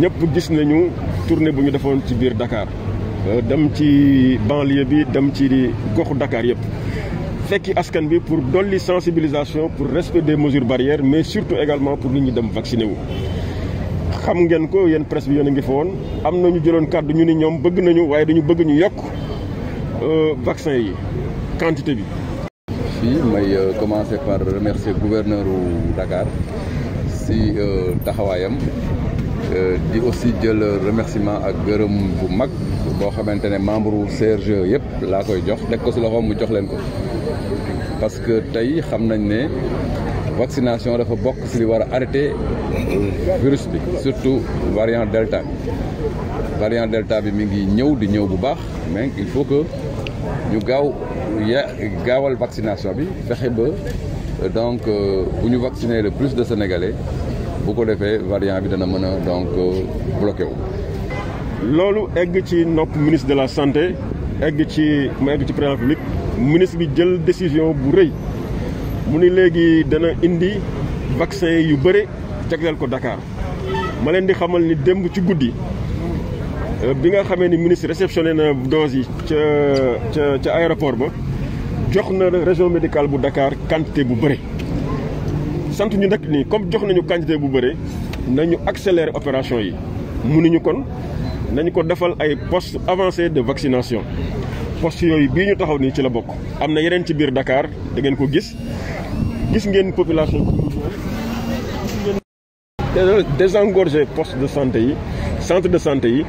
ñëpp gis nañu tournée bu ñu defoon ci biir Dakar euh, dem ci banlieue bi dem ci goxu Dakar yëpp fekki askan bi pour dolli sensibilisation pour respect des mesures barrières mais surtout également pour nit ñi dem vacciner wu. xam ngeen ko yéen presse bi yéen a ngi fa woon am na ñu jëloon kàddu ñu ni ñoom bëgg nañu waaye dañu bëgg ñu yokk euh, vaccin yi quantité bi. fii may euh, commencer par remercier gouverneur u Dakar si taxawaayam. Euh, di aussi jël remerciement ak gërëm bu mag boo xamante ne membre wu CRGE yëpp laa koy jox teg ko si loxoom mu jox leen ko parce que tey xam nañ ne vaccination dafa bokk si li war a arrêté virus bi surtout variant delta bi variant delta bi mi ngi ñëw di ñëw bu baax mais il faut que ñu gaaw ya gaawal vaccination bi fexe ba euh, donc euh, bu ñu vacciner le plus de Sénégalais bu ko defee variant bi dana mën a donc bloqué wu. loolu egg ci nopp ministre de la santé egg ci mu egg ci président public ministre bi jël décision bu rëy mu ni léegi dana indi vaccin yu bëri jagleel ko dakaar ma leen di xamal ni démb ci guddi. Euh, bi nga xamee ni ministre réceptionné na dose yi ca ca ca aéroport ba jox na région médical bu dakaar quantité bu bëri sant ñu nag nii comme jox nañu quantité bu bëre nañu accélérer opération yi mënuñu kon nañu ko defal ay postes avancés de vaccination postes yooyu bii ñu taxaw nii ci la bokk. am na yeneen ci biir Dakar da ngeen ko gis gis ngeen population bi. désengorger poste de santé yi centre de santé yi.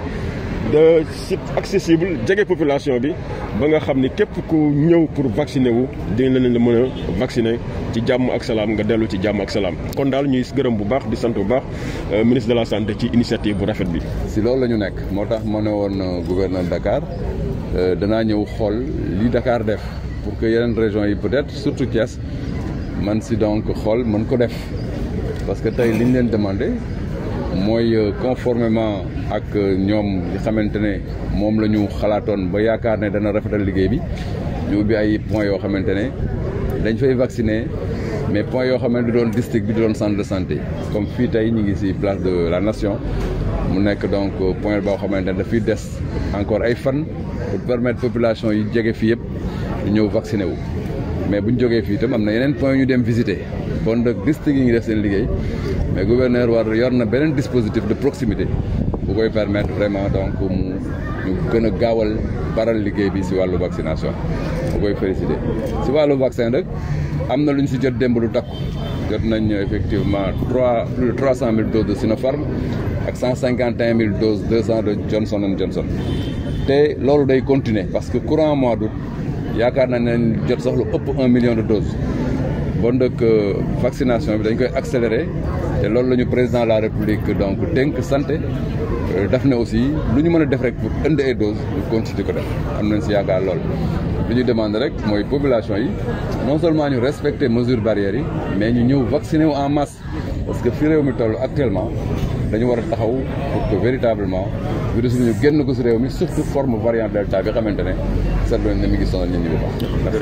de site accessible jege population bi ba nga xam ni képp ku ñëw pour vacciner wu dina leen la mën a vacciner ci jàmm ak salaam nga dellu ci jàmm ak salaam. kon daal ñuy gërëm bu baax di sant bu baax euh, ministre de la santé ci initiative bu rafet bi. si loolu la ñu nekk moo tax ma ne woon euh, gouverneur Dakar euh, danaa ñëw xool li Dakar def pour que yeneen régions yi peut-être surtout Thiès man si donc xool mën ko def parce que tey li ñu leen demandé mooy conformément. ak euh, ñoom yi xamante ne moom la ñu xalaatoon ba yaakaar ne dana rafetal liggéey bi ñu ubbi ay point yoo xamante ne dañ fay vacciner mais point yoo xamante du doon district bi doon centre de santé comme fii tey ñu ngi ci place de la nation mu nekk donc euh, point boo xamante ne dafiy des encore ay fan pour permettre population yi jege fii yëpp ñu ñëw vacciné wu mais bu ñu jógee fii itam am na yeneen point ñu dem visiter kon nag district yi ngi def seen liggéey mais gouverneur war yor na beneen dispositif de proximité bu koy permettre vraiment donc mu ñu gën a gaawal baral liggéey bi si wàllu vaccination bu koy félicité si wàllu vaccin rek am na lu ñu si jot démb lu takku jot nañ effectivement trois plus de trois cent mille doses de Sinopharm ak cent cinquante et mille doses deux cent de Johnson and Johnson te loolu day continuer parce que courant mois d'août yaakaar nañ ne jot sax lu ëpp million de doses bon donc vaccination bi dañ koy accélérer te loolu la ñu président la république donc dénk santé Euh, daf na aussi lu ñu mën a def rek pour indi ay doses ñu continuer ko def am nañ si yaakaar lool. lu ñu demande rek mooy population yi non seulement ñu respecter mesures barrières yi mais ñu ñëw vacciner wu en masse parce que fi réew mi toll actuellement dañu war a taxaw pour que véritablement virus bi ñu génn ko si réew mi surtout forme variant delta bi xamante ne seetlu nañ ne mi ngi sonal nit ñi bu baax.